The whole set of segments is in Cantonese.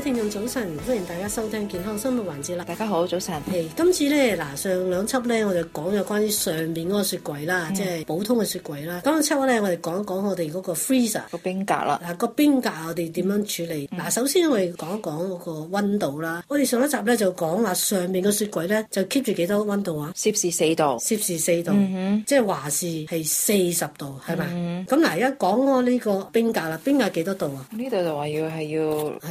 聽眾早晨，歡迎大家收聽健康生活環節啦。大家好，早晨。Hey, 今次咧嗱，上兩集咧我就講咗關於上面嗰個雪櫃啦，嗯、即係普通嘅雪櫃啦。咁啊，出開咧，我哋講一講我哋嗰個 freezer 個冰格啦。嗱，個冰格我哋點樣處理？嗱、嗯，首先我哋講一講嗰個溫度啦。我哋上一集咧就講話上面個雪櫃咧就 keep 住幾多溫度啊？攝氏四度，攝氏四度，嗯、哼即係華氏係四十度，係咪？咁嗱、嗯哼，而家講開呢個冰格啦，冰格幾多度啊？呢度就話要係要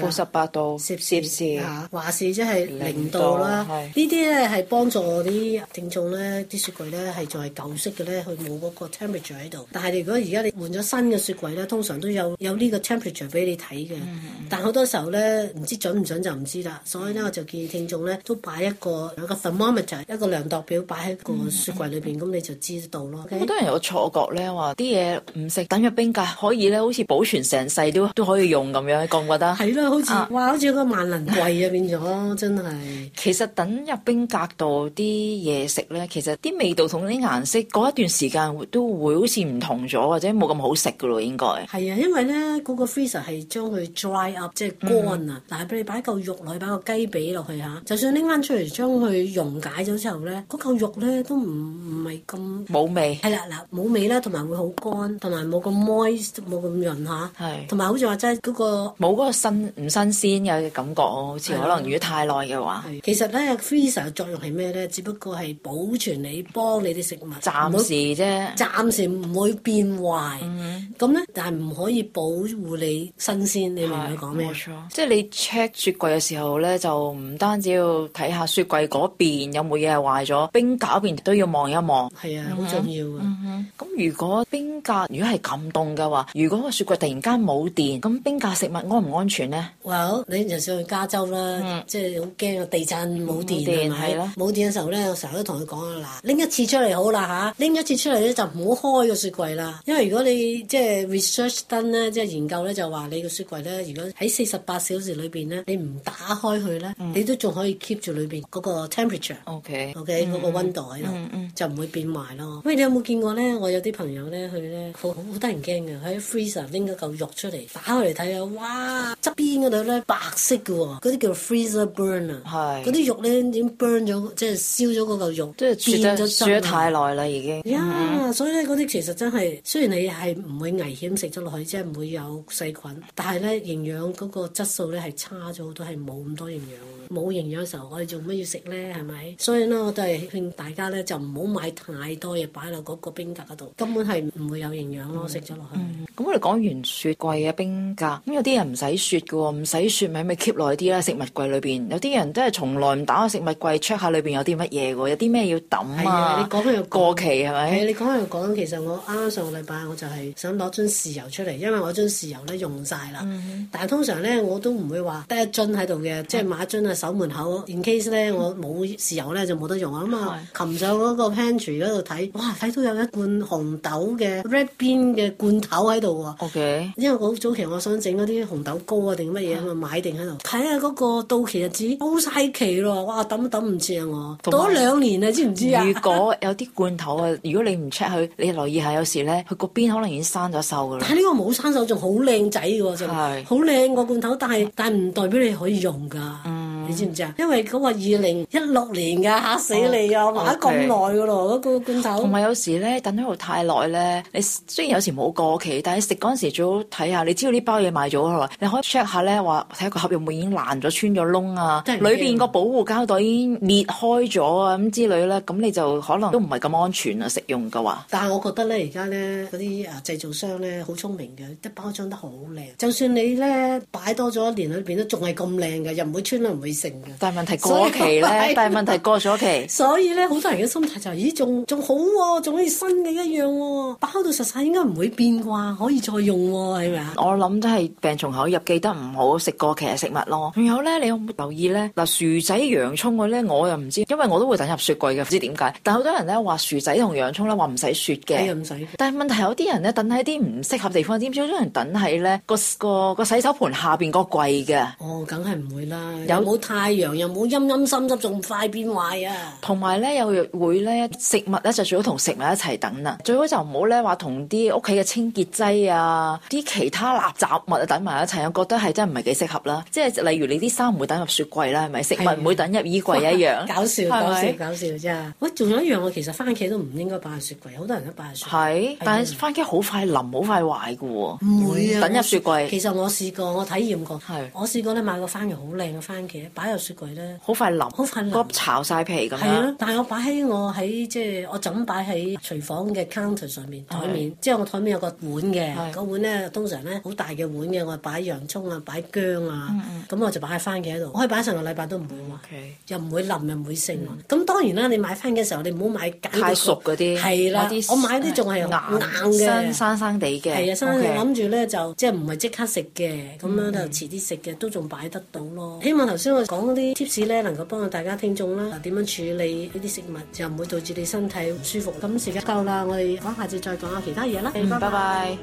負十八。攝攝氏嚇，話事即係零度啦。度是這些呢啲咧係幫助啲聽眾咧，啲雪櫃咧係仲係舊式嘅咧，佢冇嗰個 temperature 喺度。但係如果而家你換咗新嘅雪櫃咧，通常都有有呢個 temperature 俾你睇嘅。嗯嗯，但好多時候咧，唔知準唔準就唔知啦。所以咧，我就建議聽眾咧，都擺一個有個 thermometer，om 一個量度表擺喺個雪櫃裏邊，咁、嗯、你就知道咯。好、嗯、Okay? 多人有錯覺咧，話啲嘢唔食等入冰格可以咧，好似保存成世都都可以用咁樣，你覺唔覺得？係咯，好似。啊好似個萬能櫃啊！變咗 真係的。其實等入冰格度啲嘢食咧，其實啲味道同啲顏色，過一段時間都會好似唔同咗，或者冇咁好食噶咯，應該。係啊，因為咧嗰、嗰個 freezer 係將佢 dry up，即係乾啊。嗯、但係俾你擺嚿肉落去，擺個雞髀落去嚇，就算拎翻出嚟將佢溶解咗之後咧，嗰嚿肉咧都唔唔係咁冇味。係啦，嗱冇味啦，同埋會好乾，同埋冇咁 moist，冇咁潤嚇。係是。同埋好似話齋嗰個冇嗰個新，唔新鮮。有嘅感覺好似可能如果太耐嘅話的的，其實咧，freezer 嘅作用係咩咧？只不過係保存你幫你啲食物，暫時啫，暫時唔會變壞。咁咧、mm hmm.，但係唔可以保護你新鮮。你明唔明我講咩？冇錯，即係你 check 雪櫃嘅時候咧，就唔單止要睇下雪櫃嗰邊有冇嘢係壞咗，冰格嗰邊都要望一望。係啊的，好、mm hmm. 重要啊！咁、mm hmm. 如果冰格，如果係咁凍嘅話，如果個雪櫃突然間冇電，咁冰格食物安唔安全咧？你就上去加州啦，嗯、即係好驚個地震冇電係咪？冇電嘅吧時候咧，我成日都同佢講啦，嗱拎一次出嚟好啦嚇，拎、啊、一次出嚟咧就唔好開個雪櫃啦。因為如果你即係 research done 咧，即係研究咧就話你個雪櫃咧，如果喺四十八小時裏面咧，你唔打開佢咧，嗯、你都仲可以 keep 住裏面嗰個 temperature okay, okay,、嗯。O K O K 嗰個溫度喺度，就唔會變壞咯。喂、嗯，嗯嗯、你有冇見過咧？我有啲朋友咧佢咧，好好得人驚嘅，喺 freezer 拎咗嚿肉出嚟，打開嚟睇下，哇側邊嗰度咧～白色嘅喎，嗰啲叫 freezer burn 啊是，嗰啲肉咧已經 burn 咗，即係燒咗嗰嚿肉，即係變咗煮得太耐啦，已經。Yeah, mm hmm. 所以咧嗰啲其實真係，雖然你係唔會危險食咗落去，即係唔會有細菌，但係咧營養嗰個質素咧係差咗好多，係冇咁多營養。冇營養嘅時候，我哋做乜要食咧？係咪？所以呢，我都係勸大家咧，就唔好買太多嘢擺落嗰個冰格嗰度，根本係唔會有營養咯，食咗落去。咁、mm hmm. 我哋講完雪櫃啊，冰格咁有啲人唔使雪嘅喎，唔使雪。住咪咪 keep 耐啲啦，食物櫃裏邊，有啲人都係從來唔打開食物櫃 check 下裏邊有啲乜嘢喎，有啲咩要抌啊？你講開要過期係咪？你講開又講，其實我啱啱上個禮拜我就係想攞樽豉油出嚟，因為我樽豉油咧用晒啦。嗯、哼但係通常咧我都唔會話得一樽喺度嘅，即係買樽啊守門口、嗯、，in case 咧我冇豉油咧就冇得用啊。咁啊、嗯，擒上嗰個 pantry 嗰度睇，哇睇到有一罐紅豆嘅 red bean 嘅罐頭喺度喎。O Okay K。因為好早期我想整嗰啲紅豆糕啊定乜嘢啊嘛。嗯買定喺度，睇下嗰個到期日子，過晒期咯，哇等都等唔切啊。扔扔我，過咗兩年啊，知唔知啊？如果有啲罐頭啊， 如果你唔 check 佢，你留意下，有時咧佢個邊可能已經生咗鏽噶啦。但係呢個冇生鏽，仲好靚仔噶，仲好靚個罐頭，但係的但係唔代表你可以用噶。嗯你知唔知啊？因為嗰個二零一六年嘅、啊、嚇死你啊，買咁耐嘅咯，嗰、啊、個罐頭。同埋有，有時咧，等喺度太耐咧，你雖然有時冇過期，但係你食嗰陣時最好睇下，你知道呢包嘢賣咗係嘛？你可以 check 一下咧，話睇下個盒有冇已經爛咗、穿咗窿啊，裏邊個保護膠袋已經裂開咗啊，咁之類咧，咁你就可能都唔係咁安全啊，食用嘅話。但係我覺得咧，而家咧嗰啲誒製造商咧好聰明嘅，啲包裝得好靚，就算你咧擺多咗一年喺裏邊都仲係咁靚嘅，又唔會穿啊，唔會。但係問題過期咧，以但係問題過咗期， 所以咧好多人嘅心態就係、咦，仲仲好喎、啊，仲好似新嘅一樣喎、啊，包到實晒應該唔會變啩，可以再用喎，係咪啊？是我諗真係病從口入，記得唔好食過期嘅食物咯。仲有咧，你有冇留意咧？嗱，薯仔、洋葱嘅啲，我又唔知道，因為我都會等入雪櫃嘅，唔知點解。但係好多人咧話薯仔同洋葱咧話唔使雪嘅，唔使、哎。但係問題係有啲人咧等喺啲唔適合地方，點知好多人等喺咧個個個洗手盆下邊個櫃嘅。哦，梗係唔會啦，有。太陽又冇陰陰濕濕，仲快變壞啊！同埋咧，又會咧食物咧就最好同食物一齊等啦。最好就唔好咧話同啲屋企嘅清潔劑啊，啲其他垃圾物啊等埋一齊，我覺得係真唔係幾適合啦。即係例如你啲衫唔會等入雪櫃啦，係咪？食物唔會等入衣櫃一樣。搞是、啊、笑搞笑對搞笑啫！喂，仲有一樣啊，其實番茄都唔應該擺喺雪櫃，好多人都擺喺雪櫃。係，但係番茄好快淋，好快壞㗎喎。唔會啊！等入雪櫃。其實我試過，我體驗過，是我試過咧買個番茄好靚嘅番茄。擺入雪櫃咧，好快腍，好快焗巢晒皮㗎。係啊，但係我擺喺我喺即係我枕擺喺廚房嘅 counter 上面台面，即係我台面有個碗嘅，個碗咧通常咧好大嘅碗嘅，我擺洋葱啊，擺薑啊，咁我就擺喺番茄度，我可以擺成個禮拜都唔會，又唔會腍又唔會剩。咁當然啦，你買番茄嘅時候，你唔好買太熟嗰啲，係啦，我買啲仲係硬嘅，生生地嘅。係啊，生嘅諗住咧就即係唔係即刻食嘅，咁樣就遲啲食嘅都仲擺得到咯。希望頭先我講啲 tips 咧，能夠幫到大家聽眾啦，點樣處理呢啲食物，就唔會導致你身體唔舒服。咁時間夠啦，我哋下次再講下其他嘢啦。拜拜。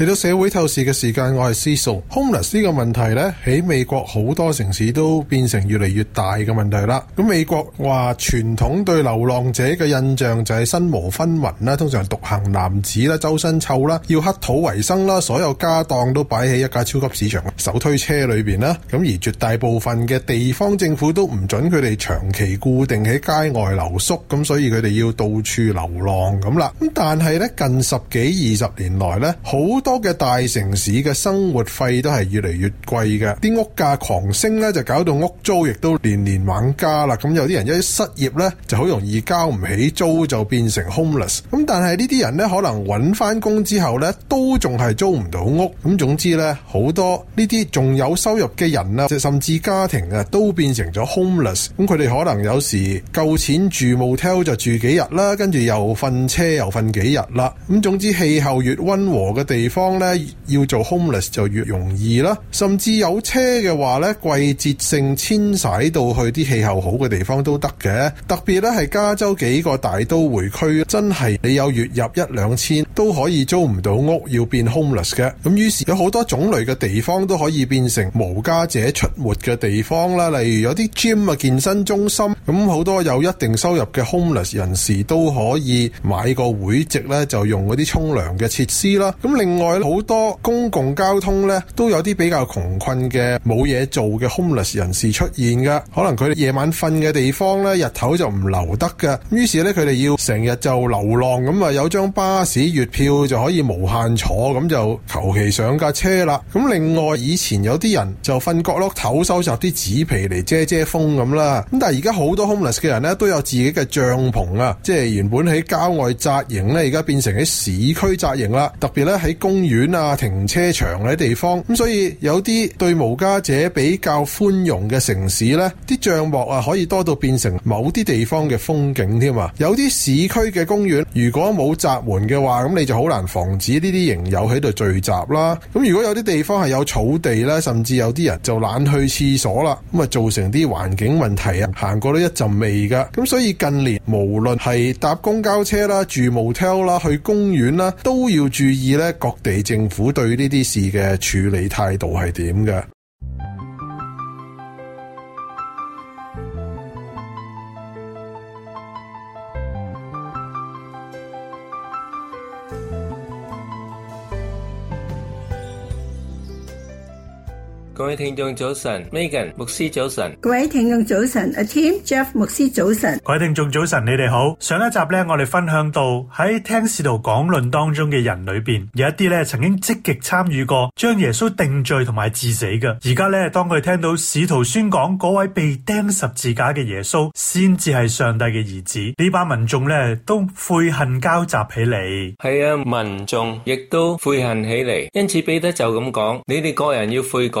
嚟到社會透視嘅時間，我係司素。homeless 呢個問題呢，喺美國好多城市都變成越嚟越大嘅問題啦。咁美國話傳統對流浪者嘅印象就係身無分文啦，通常獨行男子啦，周身臭啦，要乞討為生啦，所有家當都擺喺一架超級市場嘅手推車裏邊啦。咁而絕大部分嘅地方政府都唔準佢哋長期固定喺街外留宿，咁所以佢哋要到處流浪咁啦。咁但係呢近十幾二十年來呢，好多多嘅大城市嘅生活費都係越嚟越貴嘅，啲屋價狂升咧，就搞到屋租亦都年年猛加啦。咁、嗯、有啲人一失業咧，就好容易交唔起租，就變成 homeless、嗯。咁但係呢啲人咧，可能揾翻工之後咧，都仲係租唔到屋。咁、嗯、總之咧，好多呢啲仲有收入嘅人啦，即係甚至家庭啊，都變成咗 homeless、嗯。咁佢哋可能有時夠錢住 motel 就住幾日啦，跟住又瞓車又瞓幾日啦。咁、嗯、總之，氣候越溫和嘅地方，當咧要做 homeless 就越容易啦，甚至有車嘅話咧，季節性遷徙到去啲氣候好嘅地方都得嘅。特別咧係加州幾個大都會區，真係你有月入一兩千都可以租唔到屋，要變 homeless 嘅。咁於是有好多種類嘅地方都可以變成無家者出沒嘅地方啦。例如有啲 gym 啊、健身中心，咁好多有一定收入嘅 homeless 人士都可以買個會籍咧，就用嗰啲沖涼嘅設施啦。咁另外，好多公共交通呢都有啲比較窮困嘅冇嘢做嘅 homeless 人士出現㗎。可能佢哋夜晚瞓嘅地方呢日頭就唔留得㗎，於是呢，佢哋要成日就流浪咁啊，有張巴士月票就可以無限坐，咁就求其上架車啦。咁另外，以前有啲人就瞓角落頭收集啲紙皮嚟遮遮風咁啦。咁但係而家好多 homeless 嘅人呢，都有自己嘅帳篷啊，即係原本喺郊外紮營呢，而家變成喺市區紮營啦。特別咧喺公共院啊，停車場呢啲地方，咁所以有啲對無家者比較寬容嘅城市呢，啲帳幕啊，可以多到變成某啲地方嘅風景添啊！有啲市區嘅公園，如果冇閘門嘅話，咁你就好難防止呢啲營友喺度聚集啦。咁如果有啲地方係有草地呢，甚至有啲人就懶去廁所啦，咁啊造成啲環境問題啊，行過都一陣味噶。咁所以近年無論係搭公交車啦、住 hotel 啦、去公園啦，都要注意呢。各地，地政府對呢啲事嘅處理態度係點嘅？各位聽眾早晨，Megan 牧師早晨，各位聽眾早晨，阿 Tim、Jeff 牧師早晨，各位聽眾早晨，你哋好。上一集咧，我哋分享到喺聽使徒講論當中嘅人裏邊，有一啲咧曾經積極參與過將耶穌定罪同埋致死嘅。而家咧，當佢聽到使徒宣講嗰位被釘十字架嘅耶穌先至係上帝嘅兒子，呢班民眾咧都悔恨交集起嚟。係啊，民眾亦都悔恨起嚟，因此彼得就咁講：你哋各人要悔改。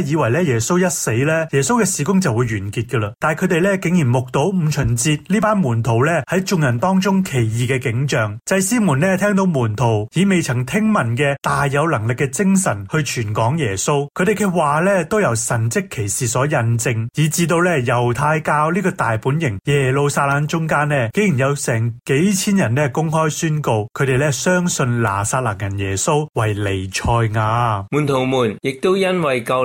以為咧耶穌一死咧，耶穌嘅事工就會完結噶啦。但係佢哋咧竟然目睹五旬節呢班門徒咧喺眾人當中奇異嘅景象。祭司們咧聽到門徒以未曾聽聞嘅大有能力嘅精神去傳講耶穌，佢哋嘅話咧都由神蹟奇事所印證。以至到咧猶太教呢個大本營耶路撒冷中間，竟然有成幾千人咧公開宣告，佢哋咧相信拿撒勒人耶穌為彌賽亞。門徒們亦都因為夠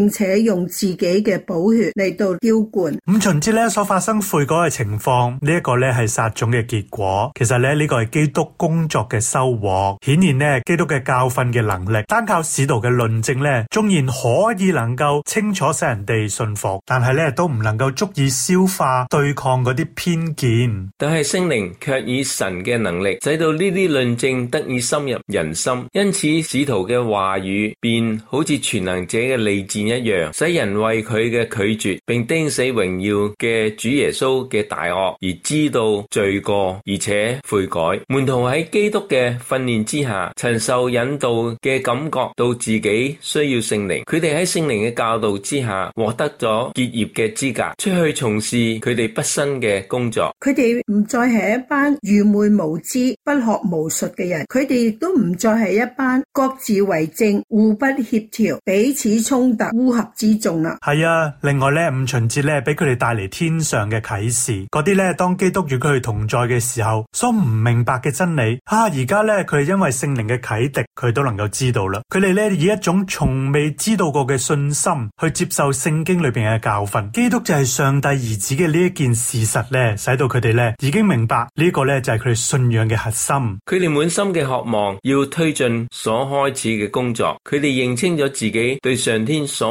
並且用自己嘅寶血嚟到澆灌。五旬節咧所發生悔改嘅情況，呢一個咧係撒種嘅結果。其實咧呢個係基督工作嘅收穫，顯然咧基督嘅教訓嘅能力。單靠使徒嘅論證咧，縱然可以能夠清楚使人哋信服，但係咧都唔能夠足以消化對抗嗰啲偏見。但係聖靈卻以神嘅能力，使到呢啲論證得以深入人心。因此使徒嘅話語，便好似全能者嘅利劍。一樣，使人為佢嘅拒絕，並釘死榮耀嘅主耶穌嘅大惡，而知道罪過，而且悔改。門徒喺基督嘅訓練之下，曾受引導嘅感覺到自己需要聖靈。佢哋喺聖靈嘅教導之下，獲得咗結業嘅資格，出去從事佢哋畢生嘅工作。佢哋唔再係一班愚昧無知、不學無術嘅人。佢哋亦都唔再係一班各自為政、互不協調、彼此衝突。烏合之眾啊，係啊。另外咧，五旬節咧，俾佢哋帶嚟天上嘅啟示。嗰啲咧，當基督與佢哋同在嘅時候，所唔明白嘅真理，啊，而家咧，佢係因為聖靈嘅啟迪，佢都能夠知道啦。佢哋咧以一種從未知道過嘅信心去接受聖經裏邊嘅教訓。基督就係上帝兒子嘅呢一件事實咧，使到佢哋咧已經明白，呢個咧就係佢哋信仰嘅核心。佢哋滿心嘅渴望要推進所開始嘅工作。佢哋認清咗自己對上天所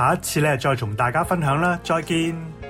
下一次咧，再同大家分享啦，再見。